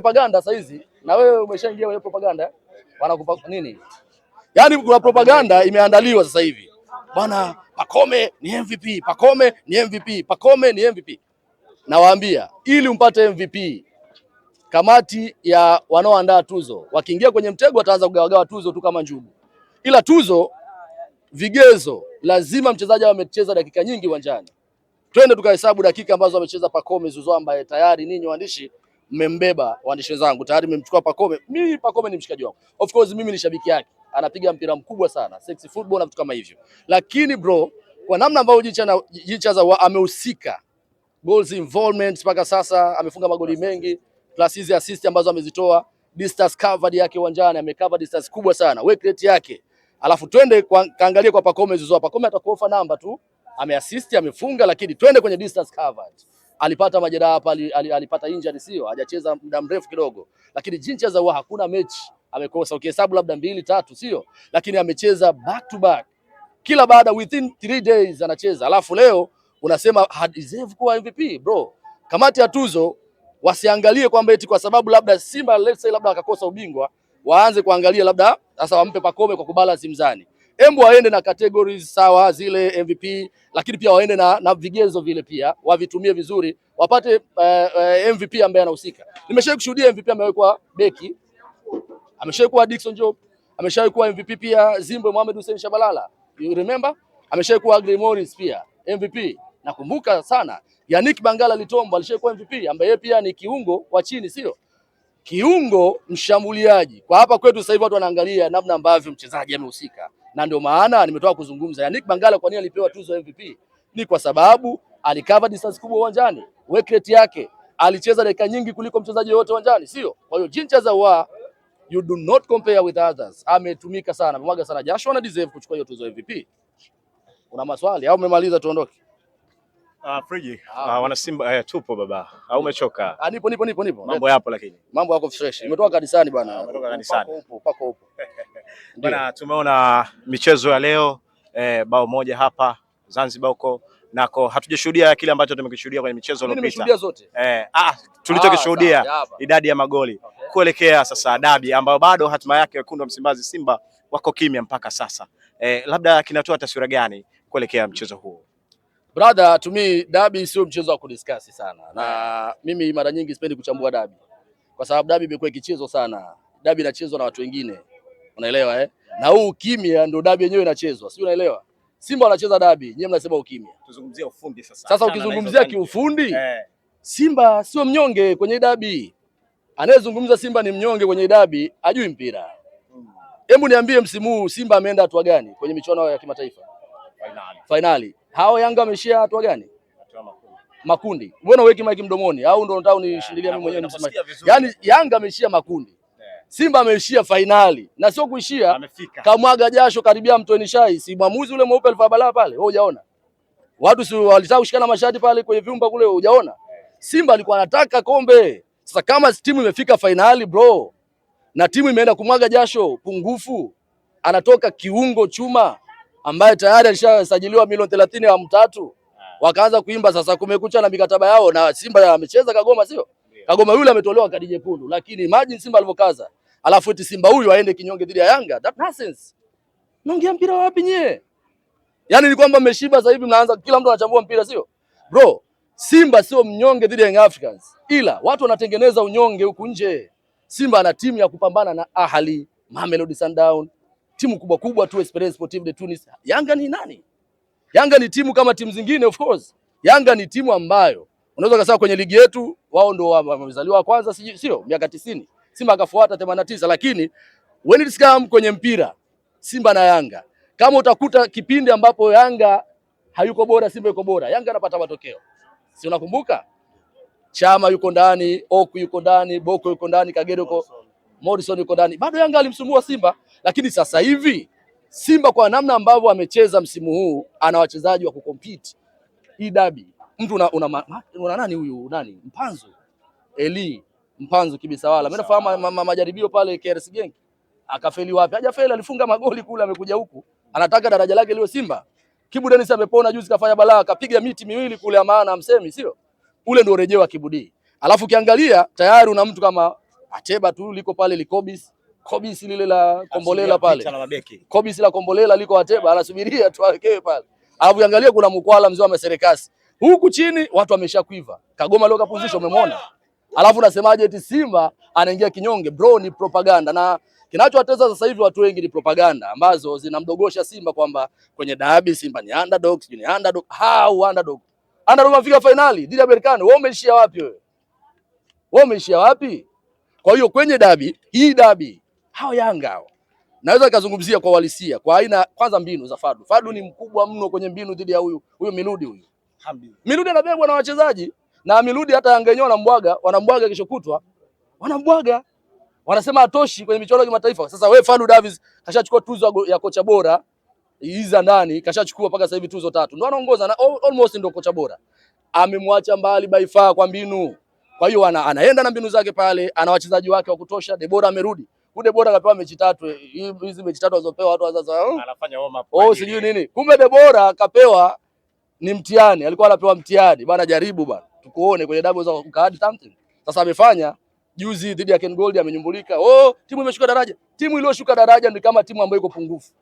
propaganda sasa hizi, na wewe umeshaingia kwenye propaganda, wanakupa nini? Yaani kuna propaganda imeandaliwa sasa hivi bwana, Pacome ni MVP, Pacome ni MVP, Pacome ni MVP. Nawaambia, ili umpate MVP, kamati ya wanaoandaa tuzo wakiingia kwenye mtego, wataanza kugawagawa tuzo tu kama njugu, ila tuzo vigezo lazima mchezaji amecheza dakika nyingi uwanjani. Twende tukahesabu dakika ambazo amecheza Pacome Zouzoua, ambaye tayari ninyi waandishi mmembeba waandishi wenzangu, tayari mmemchukua Pakome. Mimi Pakome ni mshikaji wangu, of course mimi ni shabiki yake, anapiga mpira mkubwa sana, sexy football na vitu kama hivyo, lakini bro, kwa namna ambayo Jicha Jichaza amehusika goals involvement mpaka sasa, amefunga magoli mengi, plus hizi assist ambazo amezitoa, distance covered yake uwanjani, amecover distance kubwa sana, work rate yake. Alafu twende kwa kaangalie kwa Pakome, Zouzoua. Pakome atakuofa namba tu, ameassist amefunga, lakini twende kwenye distance covered alipata majeraha hapa, alipata injury, sio hajacheza muda mrefu kidogo, lakini za huwa hakuna mechi amekosa, ukihesabu labda mbili tatu, sio lakini amecheza back to back kila baada, within three days anacheza, alafu leo unasema hadeserve kuwa MVP bro. Kamati ya tuzo wasiangalie kwamba eti kwa sababu labda Simba let's say labda wakakosa ubingwa waanze kuangalia labda sasa wampe Pacome kwa kubalance mzani. Embu waende na categories sawa zile MVP, lakini pia waende na, na vigezo vile pia wavitumie vizuri, wapate uh, eh, eh, MVP ambaye anahusika. Nimeshawahi kushuhudia MVP amewekwa beki, ameshawahi kuwa Dickson Job, ameshawahi kuwa MVP pia Zimbwe Mohamed Hussein Shabalala, you remember, ameshawahi kuwa Morris pia MVP. Nakumbuka sana Yannick Bangala Litombo alishakuwa MVP ambaye pia ni kiungo wa chini, sio kiungo mshambuliaji. Kwa hapa kwetu sasa hivi watu wanaangalia namna ambavyo mchezaji amehusika, na ndio maana nimetoka kuzungumza Yannick Mangala. Kwa nini alipewa tuzo MVP? Ni kwa sababu alikava distance kubwa uwanjani, work rate yake, alicheza dakika nyingi kuliko mchezaji yoyote uwanjani, sio? Kwa hiyo Jinchazawa, you do not compare with others. Ametumika sana, amemwaga sana jasho, ana deserve kuchukua hiyo tuzo MVP. Una maswali au umemaliza? Tuondoke. Ah, friji. Ah. ah, wana Simba eh, tupo baba. Au ah, umechoka? Ah, nipo nipo nipo nipo. Mambo yapo lakini. Mambo yako fresh. yeah. kanisani bwana. Imetoka kanisani. Ah, upo, pako upo. Bwana, tumeona michezo ya leo eh, bao moja hapa Zanzibar huko nako hatujashuhudia kile ambacho tumekishuhudia kwenye michezo iliyopita. Eh, ah, tulichokishuhudia ah, idadi ya magoli okay, kuelekea sasa dabi ambayo bado hatima yake wekundu wa Msimbazi Simba wako kimya mpaka sasa. Eh, labda kinatoa taswira gani kuelekea mchezo huo? Brother, to me dabi sio mchezo wa kudiskasi sana, na mimi mara nyingi sipendi kuchambua dabi kwa sababu dabi imekuwa ikichezwa sana. Dabi inachezwa na watu wengine, unaelewa eh? Na huu ukimya ndio dabi yenyewe inachezwa, sio? Unaelewa, Simba wanacheza dabi, nyie mnasema ukimya. Tuzungumzie ufundi sasa. Sasa ukizungumzia kiufundi eh, Simba sio mnyonge kwenye dabi. Anayezungumza Simba ni mnyonge kwenye dabi ajui mpira. Hmm. Hebu niambie, msimu huu Simba ameenda hatua gani kwenye michuano ya kimataifa? Finali. Finali hao Yanga wameshia hatua gani? Makundi. Wewe unaweki maiki mdomoni au ndio unataka unishindilia mimi mwenyewe nisemaje? Yaani Yanga ameishia makundi. Yeah. Simba ameishia fainali na sio kuishia, kamwaga jasho karibia mtu enishai. si mwamuzi ule mweupe alifabala pale, wewe hujaona? Watu si walitaka kushikana mashati pale kwenye vyumba kule, hujaona? Simba alikuwa anataka kombe. Sasa kama timu imefika fainali bro, na timu imeenda kumwaga jasho pungufu, anatoka kiungo chuma ambaye tayari alishasajiliwa milioni thelathini awamu mtatu ah. wakaanza kuimba sasa kumekucha na mikataba yao, na Simba amecheza Kagoma, sio Kagoma yule ametolewa kadi nyekundu, lakini imagine Simba alivyokaza, alafu eti Simba huyu aende kinyonge dhidi ya Yanga. That nonsense. Naongea mpira wapi nyie? Yani ni kwamba mmeshiba sasa hivi mnaanza kila mtu anachambua mpira sio? Bro, Simba sio mnyonge dhidi ya Young Africans. Ila watu wanatengeneza unyonge huku nje. Simba ana timu ya kupambana na Ahli, Mamelodi Sundowns, timu kubwa kubwa tu Esperance Sportive de Tunis. Yanga ni nani? Yanga ni timu kama timu zingine of course. Yanga ni timu ambayo unaweza kusema kwenye ligi yetu wao ndio wamezaliwa wa kwanza, sio miaka tisini. Simba akafuata 89, lakini when it's come kwenye mpira Simba na Yanga, kama utakuta kipindi ambapo Yanga hayuko bora, Simba yuko bora, Yanga anapata matokeo, si unakumbuka? Chama yuko ndani, Oku yuko ndani, Boko yuko ndani, Kagere yuko Morrison yuko ndani, bado Yanga alimsumbua Simba, lakini sasa hivi Simba kwa namna ambavyo amecheza msimu huu ana wachezaji wa kucompete hii dabi. Mtu una, una, una, una nani huyu nani Mpanzu Eli Mpanzu wala mimi nafahamu ma, ma, ma, majaribio pale KRC Genk akafeli wapi? Hajafeli, alifunga magoli kule, amekuja huku anataka daraja lake liwe Simba. Kibu Denis amepona juzi, kafanya balaa, kapiga miti miwili kule, maana amsemi, sio ule ndio rejeo wa Kibu D. Alafu ukiangalia tayari una mtu kama Ateba tu liko pale Likobis, Kobisi lile la Kombolela pale. Kobisi la Kombolela liko Ateba, anasubiria tu awekewe pale. Alafu angalia kuna mkwala mzee wa serikali. Huku chini watu wameshakwiva. Kagoma leo kapumzisha umemwona. Alafu unasemaje eti Simba anaingia kinyonge? Bro, ni propaganda na kinachowateza sasa hivi watu wengi ni propaganda ambazo zinamdogosha Simba kwamba kwenye dabi Simba ni underdog, ni underdog. How underdog? Underdog anafika finali dhidi ya Berkane. Wewe umeishia wapi wewe? Wewe umeishia wapi? Kwa hiyo kwenye dabi hii, dabi hao Yanga hao naweza nikazungumzia kwa uhalisia kwa aina kwanza, mbinu za Fadu. Fadu ni mkubwa mno kwenye mbinu dhidi ya huyu huyu Miludi. Huyu Miludi anabebwa na wachezaji na Miludi, hata Yanga yenyewe wanambwaga, wanambwaga kesho kutwa, wanambwaga wanasema atoshi kwenye michuano ya kimataifa. Sasa wewe Fadu Davis kashachukua tuzo ya kocha bora hii ndani, kashachukua mpaka sasa hivi tuzo tatu, ndio anaongoza na almost ndio kocha bora. Amemwacha mbali by far kwa mbinu kwa hiyo ana, anaenda na mbinu zake pale, ana wachezaji wake wa kutosha. Debora amerudi huyu Debora akapewa mechi tatu, hizi mechi tatu alizopewa watu wazaza, anafanya warm up oh, sijui nini. Kumbe Debora akapewa ni mtihani, alikuwa anapewa mtihani bana, jaribu bana, tukuone kwenye double za kaadi something. Sasa amefanya juzi dhidi ya Ken Gold amenyumbulika. Oh, timu imeshuka daraja. Timu iliyoshuka daraja ni kama timu ambayo iko pungufu,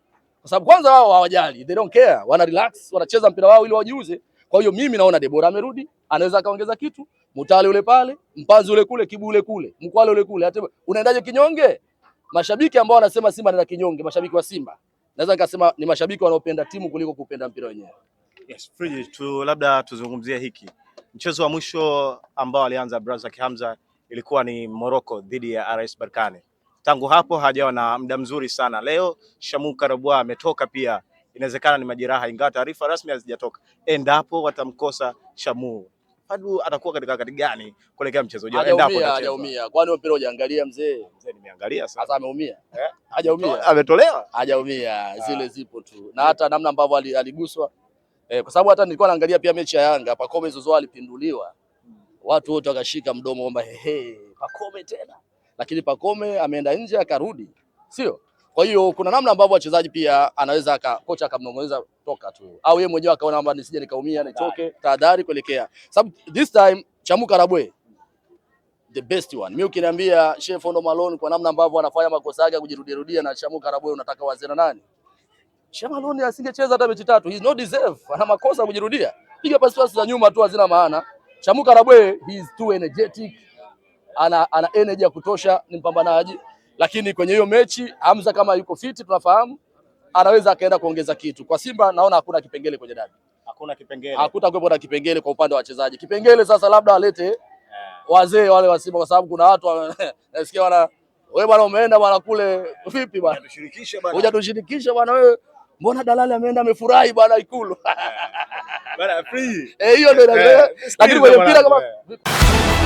kwa sababu kwanza wao hawajali, they don't care, wana relax, wanacheza mpira wao ili wajiuze kwa hiyo mimi naona Debora amerudi, anaweza akaongeza kitu. Mutale ule pale, Mpanzi ule kule, Kibu ule kule, Mkwale ule kule. Hata unaendaje kinyonge? Mashabiki ambao wanasema Simba ndio kinyonge, mashabiki wa Simba. Naweza nikasema ni mashabiki wanaopenda timu kuliko kupenda mpira wenyewe. Yes, Friji, tu labda tuzungumzie hiki. Mchezo wa mwisho ambao alianza Brazak kihamza ilikuwa ni Morocco dhidi ya RS Berkane. Tangu hapo hajawa na muda mzuri sana. Leo Shamu Karabwa ametoka pia inawezekana ni majeraha, ingawa taarifa rasmi hazijatoka. Endapo watamkosa Shamu, Fadu atakuwa katika wakati gani kuelekea mchezo ujao? Endapo hajaumia, kwani mpira hujaangalia mzee? Mzee nimeangalia sasa, ameumia eh, hajaumia, ametolewa, hajaumia, ah. zile zipo tu, na hata namna ambavyo aliguswa eh, kwa sababu hata nilikuwa naangalia pia mechi ya Yanga, Pacome Zozoa alipinduliwa, watu wote wakashika mdomo kwamba hehe, Pacome tena, lakini Pacome ameenda nje akarudi, sio kwa hiyo kuna namna ambavyo wachezaji pia anaweza ka, kocha akamnong'oneza toka tu au yeye mwenyewe akaona kwamba nisije nikaumia nitoke, tahadhari kuelekea sababu this time Chamuka Rabwe the best one. Mimi ukiniambia Chef Ondo Malone kwa namna ambavyo anafanya makosa yake kujirudiarudia na Chamuka Rabwe unataka wazena nani? Chef Malone asingecheza hata mechi tatu. He's not deserve. Ana makosa kujirudia. Piga pasi pasi za nyuma tu hazina maana. Chamuka Rabwe he is too energetic. Ana, ana energy ya kutosha, ni mpambanaji lakini kwenye hiyo mechi Hamza kama yuko fiti, tunafahamu anaweza akaenda kuongeza kitu. Kwa Simba naona hakuna kipengele kwenye dabi, hakuna kipengele, hakutakuwepo na kipengele kwa upande wa wachezaji. Kipengele sasa labda walete yeah, wazee wale wa Simba, kwa sababu kuna watu nasikia wana wewe bwana, umeenda bwana kule vipi bwana, hujatushirikisha bwana wewe Mbona dalali ameenda amefurahi bwana Ikulu? Eh. Bwana free. Eh, hiyo ndio. Eh, lakini kwenye mpira kama